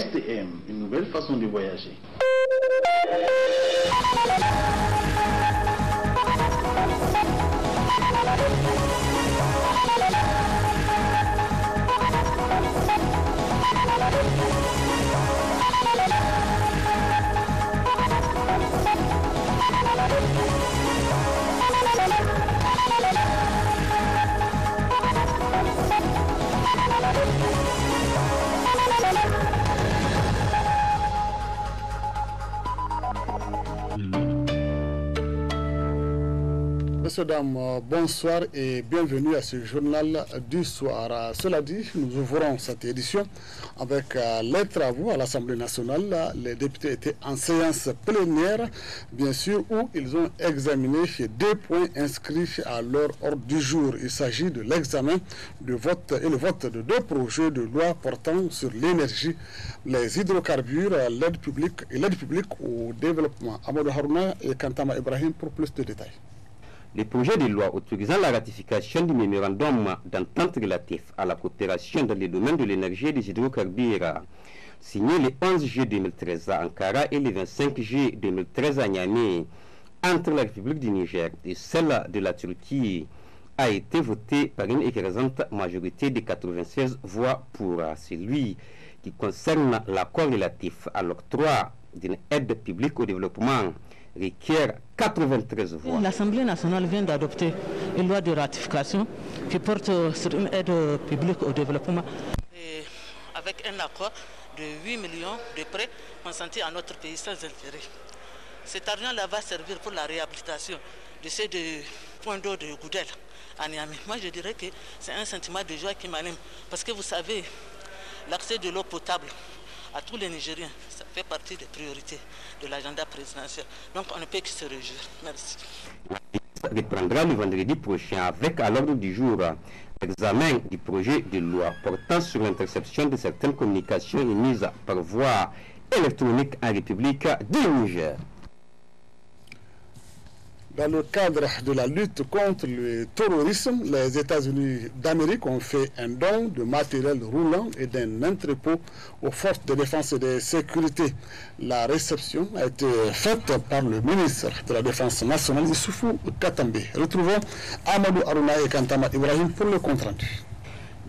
STM, une nouvelle façon de voyager. Mm-hmm. Messieurs, dames, bonsoir et bienvenue à ce journal du soir. Cela dit, nous ouvrons cette édition avec euh, les travaux à l'Assemblée nationale. Les députés étaient en séance plénière, bien sûr, où ils ont examiné deux points inscrits à leur ordre du jour. Il s'agit de l'examen de vote et le vote de deux projets de loi portant sur l'énergie, les hydrocarbures, l'aide publique et l'aide publique au développement. Amadou Harouna et Kantama Ibrahim pour plus de détails. Le projet de loi autorisant la ratification du mémorandum d'entente relatif à la coopération dans les domaines de l'énergie et des hydrocarbures, signé le 11 juillet 2013 à Ankara et le 25 juillet 2013 à Niamey, entre la République du Niger et celle de la Turquie, a été voté par une écrasante majorité de 96 voix pour celui qui concerne l'accord relatif à l'octroi d'une aide publique au développement requiert 93 L'Assemblée nationale vient d'adopter une loi de ratification qui porte sur une aide publique au développement. avec un accord de 8 millions de prêts consentis à notre pays sans intérêt. Cet argent-là va servir pour la réhabilitation de ces deux points d'eau de Goudel à Niamey. Moi, je dirais que c'est un sentiment de joie qui m'anime parce que vous savez, l'accès de l'eau potable à tous les Nigériens. Ça fait partie des priorités de l'agenda présidentiel. Donc on ne peut que se réjouir. Merci. Ça reprendra le vendredi prochain avec à l'ordre du jour l'examen du projet de loi portant sur l'interception de certaines communications émises par voie électronique en République du Niger. Dans le cadre de la lutte contre le terrorisme, les États-Unis d'Amérique ont fait un don de matériel roulant et d'un entrepôt aux forces de défense et de sécurité. La réception a été faite par le ministre de la Défense nationale, Issoufou Katambe. Retrouvons Amadou Arouna et Kantama Ibrahim pour le compte-rendu.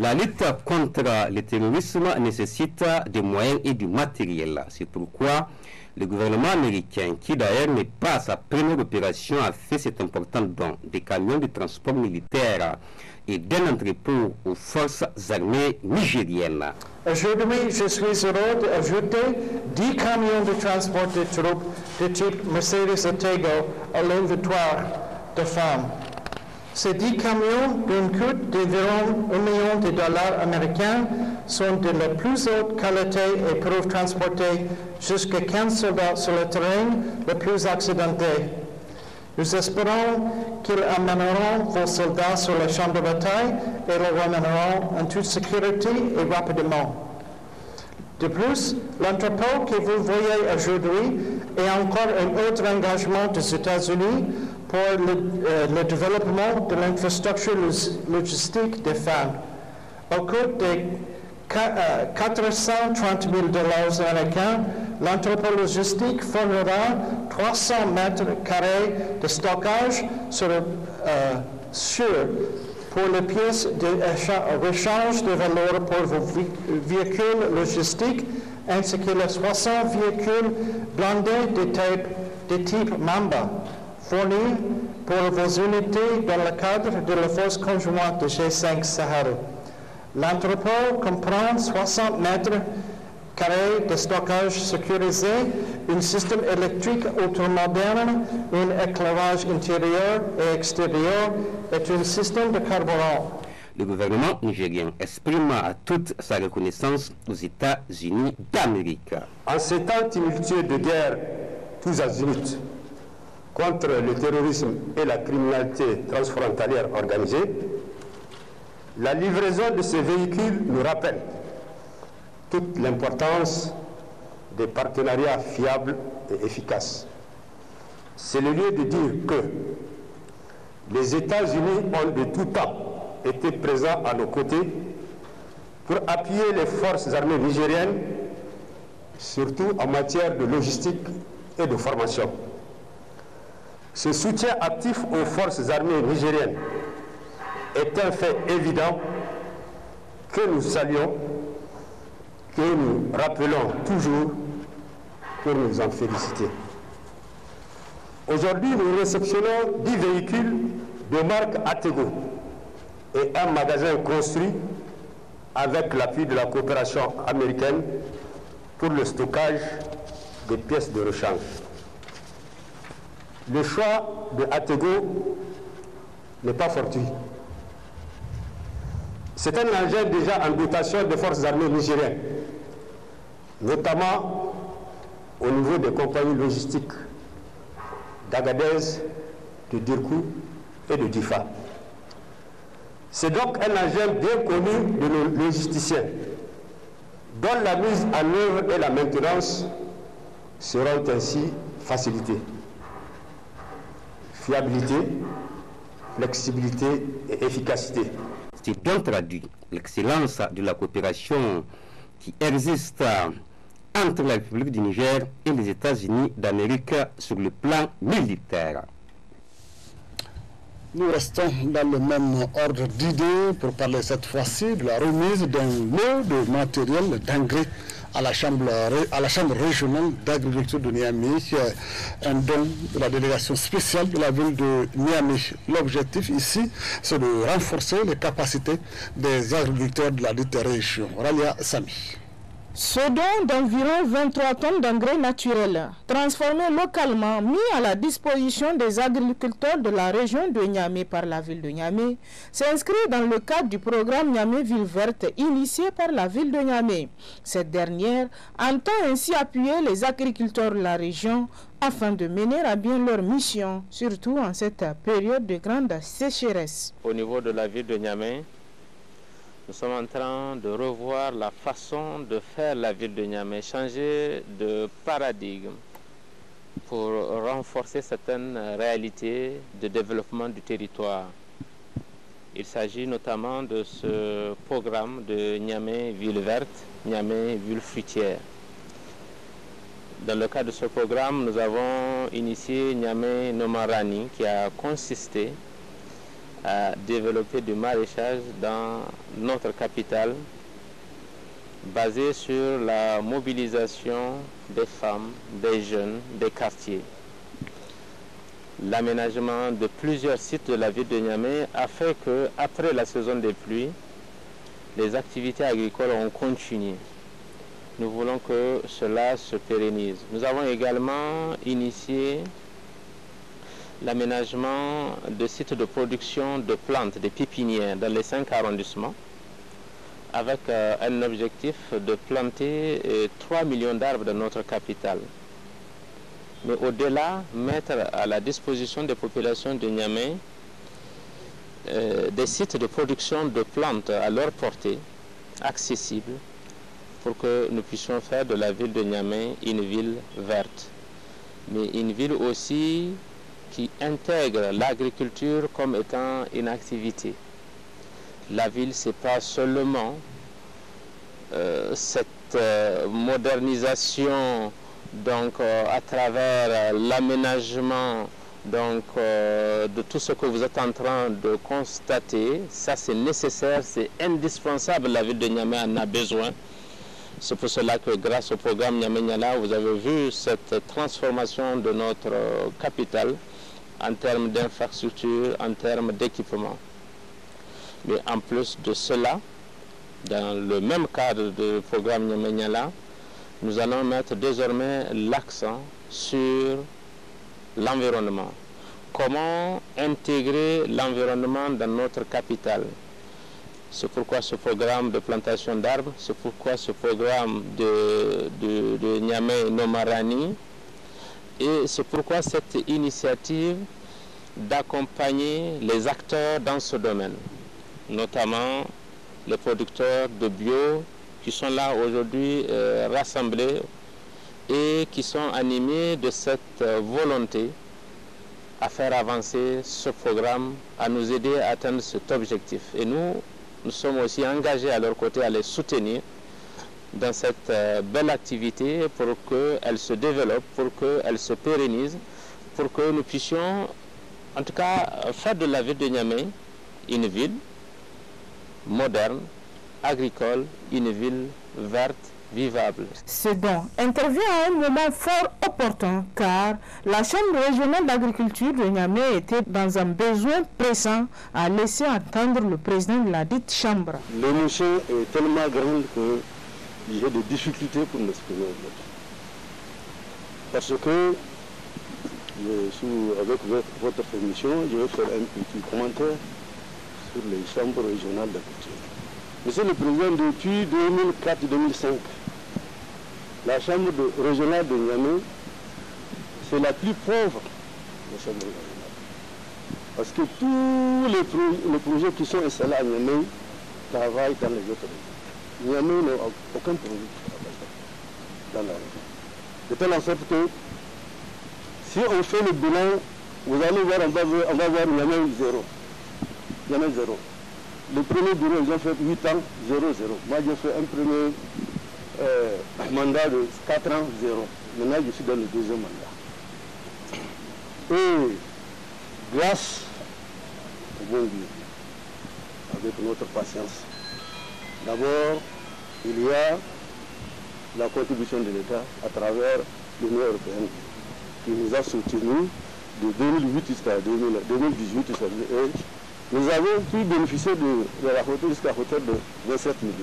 La lutte contre le terrorisme nécessite des moyens et du matériel. C'est pourquoi le gouvernement américain, qui d'ailleurs n'est pas sa première opération, a fait cet important don des camions de transport militaire et d'un entrepôt aux forces armées nigériennes. Aujourd'hui, je suis heureux d'ajouter 10 camions de transport de troupes de type Mercedes à de femmes. Ces dix camions d'une coûte d'environ 1 million de dollars américains sont de la plus haute qualité et peuvent transporter jusqu'à 15 soldats sur le terrain le plus accidenté. Nous espérons qu'ils amèneront vos soldats sur le champ de bataille et les ramèneront en toute sécurité et rapidement. De plus, l'entrepôt que vous voyez aujourd'hui est encore un autre engagement des États-Unis pour euh, le, développement de l'infrastructure logistique des femmes au cours des 430 000 euh, dollars américains, logistique fournira 300 mètres carrés de stockage sur, euh, sur pour les pièces de rechange de valeur pour vos véhicules logistiques, ainsi que les 60 véhicules blindés de type, de type Mamba pour vos unités dans le cadre de la force conjointe de G5 Sahara. L'entrepôt comprend 60 mètres carrés de stockage sécurisé, un système électrique automoderne, un éclairage intérieur et extérieur et un système de carburant. Le gouvernement nigérien exprime à toute sa reconnaissance aux États-Unis d'Amérique. En ces temps tumultueux de guerre, tous azimuts, contre le terrorisme et la criminalité transfrontalière organisée, la livraison de ces véhicules nous rappelle toute l'importance des partenariats fiables et efficaces. C'est le lieu de dire que les États-Unis ont de tout temps été présents à nos côtés pour appuyer les forces armées nigériennes, surtout en matière de logistique et de formation. Ce soutien actif aux forces armées nigériennes est un fait évident que nous saluons, que nous rappelons toujours pour nous en féliciter. Aujourd'hui, nous réceptionnons 10 véhicules de marque Atego et un magasin construit avec l'appui de la coopération américaine pour le stockage des pièces de rechange le choix de Atego n'est pas fortuit. C'est un engin déjà en dotation des forces armées nigériennes, notamment au niveau des compagnies logistiques d'Agadez, de Dirkou et de Difa. C'est donc un engin bien connu de nos logisticiens, dont la mise en œuvre et la maintenance seront ainsi facilitées fiabilité, flexibilité et efficacité. C'est donc traduit l'excellence de la coopération qui existe entre la République du Niger et les États-Unis d'Amérique sur le plan militaire. Nous restons dans le même ordre d'idées pour parler cette fois-ci de la remise d'un lot de matériel d'engrais à la Chambre, à la chambre régionale d'agriculture de Niamey, euh, un don de la délégation spéciale de la ville de Niamey. L'objectif ici, c'est de renforcer les capacités des agriculteurs de la dite région. Ralia Sami. Ce don d'environ 23 tonnes d'engrais naturels, transformé localement, mis à la disposition des agriculteurs de la région de Niamey par la ville de Niamey, s'inscrit dans le cadre du programme Niamey Ville Verte initié par la ville de Niamey. Cette dernière entend ainsi appuyer les agriculteurs de la région afin de mener à bien leur mission, surtout en cette période de grande sécheresse. Au niveau de la ville de Niamey, nous sommes en train de revoir la façon de faire la ville de Niamey, changer de paradigme pour renforcer certaines réalités de développement du territoire. Il s'agit notamment de ce programme de Niamey Ville Verte, Niamey Ville Fruitière. Dans le cadre de ce programme, nous avons initié Niamey Nomarani qui a consisté développer du maraîchage dans notre capitale basé sur la mobilisation des femmes, des jeunes, des quartiers. L'aménagement de plusieurs sites de la ville de Niamey a fait que, après la saison des pluies, les activités agricoles ont continué. Nous voulons que cela se pérennise. Nous avons également initié l'aménagement de sites de production de plantes, des pépinières dans les cinq arrondissements, avec euh, un objectif de planter 3 euh, millions d'arbres dans notre capitale. Mais au-delà, mettre à la disposition des populations de Niamey euh, des sites de production de plantes à leur portée, accessibles, pour que nous puissions faire de la ville de Niamey une ville verte, mais une ville aussi qui intègre l'agriculture comme étant une activité. La ville, ce n'est pas seulement euh, cette euh, modernisation donc, euh, à travers l'aménagement donc de tout ce que vous êtes en train de constater. Ça, c'est nécessaire, c'est indispensable. La ville de Niamey en a besoin. C'est pour cela que grâce au programme Niamey-Niala, vous avez vu cette transformation de notre capitale en termes d'infrastructures, en termes d'équipement. Mais en plus de cela, dans le même cadre du programme Nyamenyala, nous allons mettre désormais l'accent sur l'environnement. Comment intégrer l'environnement dans notre capitale C'est pourquoi ce programme de plantation d'arbres, c'est pourquoi ce programme de, de, de Nomarani, et c'est pourquoi cette initiative d'accompagner les acteurs dans ce domaine, notamment les producteurs de bio qui sont là aujourd'hui euh, rassemblés et qui sont animés de cette euh, volonté à faire avancer ce programme, à nous aider à atteindre cet objectif. Et nous, nous sommes aussi engagés à leur côté à les soutenir dans cette euh, belle activité pour qu'elle se développe, pour qu'elle se pérennise, pour que nous puissions en tout cas faire de la ville de Niamey une ville moderne, agricole, une ville verte, vivable. C'est bon, intervient à un moment fort opportun car la Chambre régionale d'agriculture de Niamey était dans un besoin pressant à laisser entendre le président de la dite Chambre. L'émotion est tellement grande que j'ai des difficultés pour m'exprimer Parce que, avec votre permission, je vais faire un petit commentaire sur les chambres régionales Mais Monsieur le Président, depuis 2004-2005, la chambre de, régionale de Niamey, c'est la plus pauvre des chambres régionale Parce que tous les, projets qui sont installés à Niamey travaillent dans les autres régions il n'y a même aucun produit dans la région. De telle en sorte que si on fait le bilan, vous allez voir, on va voir, il y en a eu zéro. Il y en a zéro. Le premier bureau, ils ont fait 8 ans, 0, 0. Moi, j'ai fait un premier euh, mandat de 4 ans, 0. Maintenant, je suis dans le deuxième mandat. Et grâce au bon Dieu, avec notre patience, D'abord, il y a la contribution de l'État à travers l'Union européenne qui nous a soutenus de 2008 jusqu'à 2018. nous avons pu bénéficier de, la hauteur jusqu'à hauteur de 27 millions.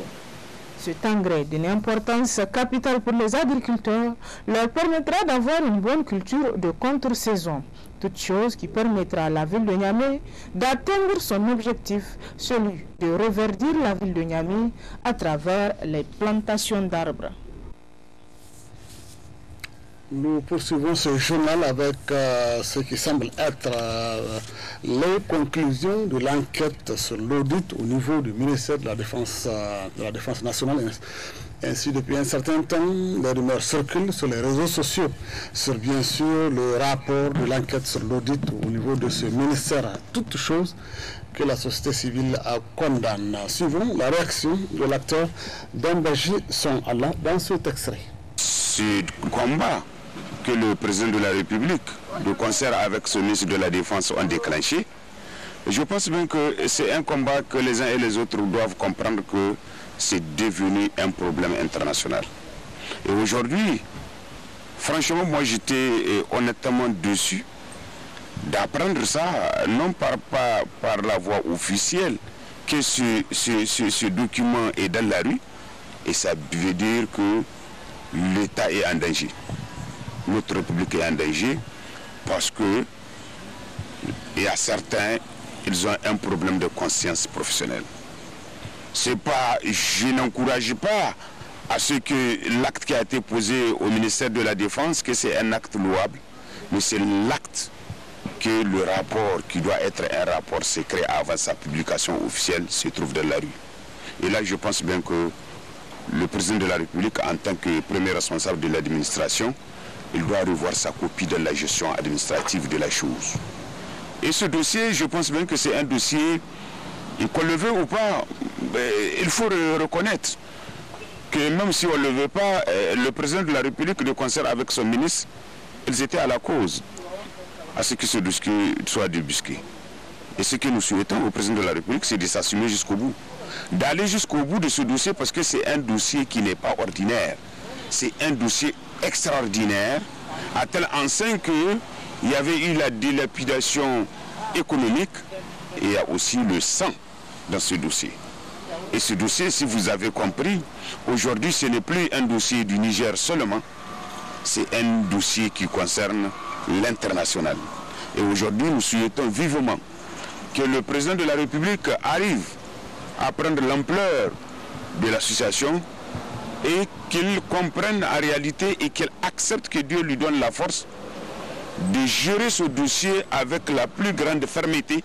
Cet engrais d'une importance capitale pour les agriculteurs leur permettra d'avoir une bonne culture de contre-saison, toute chose qui permettra à la ville de Niamey d'atteindre son objectif, celui de reverdir la ville de Niamey à travers les plantations d'arbres. Nous poursuivons ce journal avec euh, ce qui semble être euh, les conclusions de l'enquête sur l'audit au niveau du ministère de la Défense, euh, de la Défense nationale. Ainsi, depuis un certain temps, les rumeurs circulent sur les réseaux sociaux sur, bien sûr, le rapport de l'enquête sur l'audit au niveau de ce ministère. Toutes choses que la société civile a condamne. Suivons la réaction de l'acteur Dambaji Son Allah dans ce extrait. C'est combat que le président de la République, de concert avec ce ministre de la Défense, ont déclenché. Je pense bien que c'est un combat que les uns et les autres doivent comprendre que c'est devenu un problème international. Et aujourd'hui, franchement, moi j'étais euh, honnêtement dessus d'apprendre ça, non par, par, la voie officielle, que ce, ce, document est dans la rue, et ça veut dire que l'État est en danger notre République est en danger parce que et à certains, ils ont un problème de conscience professionnelle. C'est pas, je n'encourage pas à ce que l'acte qui a été posé au ministère de la Défense, que c'est un acte louable, mais c'est l'acte que le rapport, qui doit être un rapport secret avant sa publication officielle, se trouve dans la rue. Et là, je pense bien que le président de la République, en tant que premier responsable de l'administration, il doit revoir sa copie de la gestion administrative de la chose. Et ce dossier, je pense même que c'est un dossier, qu'on le veut ou pas, il faut reconnaître que même si on ne le veut pas, euh, le président de la République, de concert avec son ministre, ils étaient à la cause à ce que ce dossier soit débusqué. Et ce que nous souhaitons au président de la République, c'est de s'assumer jusqu'au bout. D'aller jusqu'au bout de ce dossier parce que c'est un dossier qui n'est pas ordinaire. C'est un dossier extraordinaire, à tel enceinte qu'il y avait eu la dilapidation économique et a aussi le sang dans ce dossier. Et ce dossier, si vous avez compris, aujourd'hui ce n'est plus un dossier du Niger seulement, c'est un dossier qui concerne l'international. Et aujourd'hui, nous souhaitons vivement que le président de la République arrive à prendre l'ampleur de l'association et qu'il comprenne en réalité et qu'il accepte que Dieu lui donne la force de gérer ce dossier avec la plus grande fermeté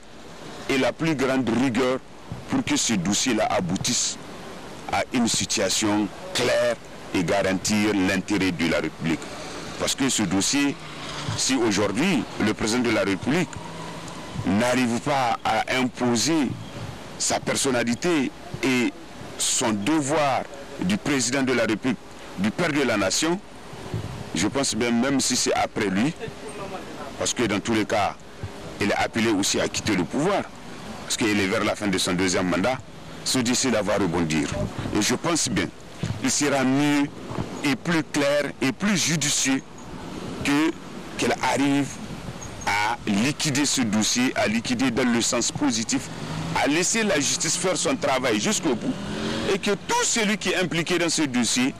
et la plus grande rigueur pour que ce dossier-là aboutisse à une situation claire et garantir l'intérêt de la République. Parce que ce dossier, si aujourd'hui le président de la République n'arrive pas à imposer sa personnalité et son devoir du président de la République, du père de la nation, je pense bien, même si c'est après lui, parce que dans tous les cas, il est appelé aussi à quitter le pouvoir, parce qu'il est vers la fin de son deuxième mandat, Ce décès d'avoir rebondir. Et je pense bien, il sera mieux et plus clair et plus judicieux que qu'elle arrive à liquider ce dossier, à liquider dans le sens positif, à laisser la justice faire son travail jusqu'au bout, et que tout celui qui est impliqué dans ce dossier,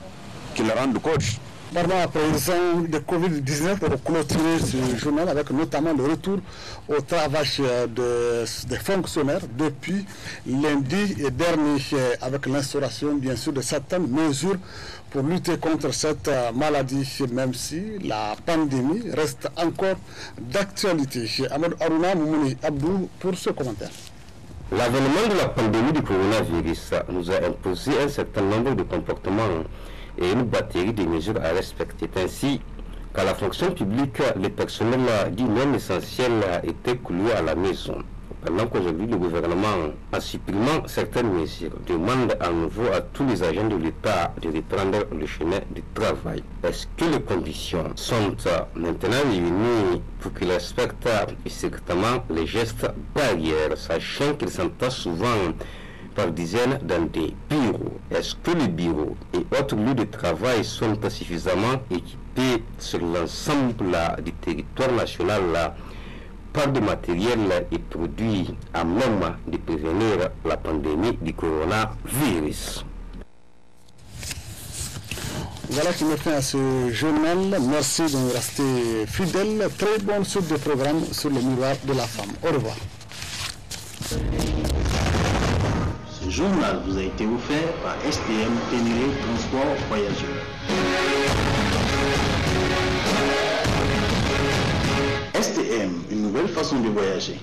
qu'il rende coach. Pendant la présent de Covid-19, pour clôturer ce journal avec notamment le retour au travail euh, de, des fonctionnaires depuis lundi dernier, euh, avec l'instauration bien sûr de certaines mesures pour lutter contre cette euh, maladie, même si la pandémie reste encore d'actualité. Ahmed Aruna Moumouni Abdou pour ce commentaire. L'avènement de la pandémie du coronavirus nous a imposé un certain nombre de comportements et une batterie de mesures à respecter. Ainsi, qu'à la fonction publique, les personnels du non essentiels été coulé à la maison. Pendant qu'aujourd'hui, le gouvernement, en supprimant certaines mesures, demande à nouveau à tous les agents de l'État de reprendre le chemin du travail. Est-ce que les conditions sont euh, maintenant réunies pour qu'ils respectent euh, strictement les gestes barrières, sachant qu'ils sont souvent par dizaines dans des bureaux. Est-ce que les bureaux et autres lieux de travail sont suffisamment équipés sur l'ensemble du territoire national pas de matériel et produit à même de prévenir la pandémie du coronavirus. Voilà qui me fait à ce journal. Merci de nous rester fidèles. Très bonne suite de programme sur le miroir de la femme. Au revoir. Ce journal vous a été offert par STM Ténéré Transport Voyageurs. une nouvelle façon de voyager.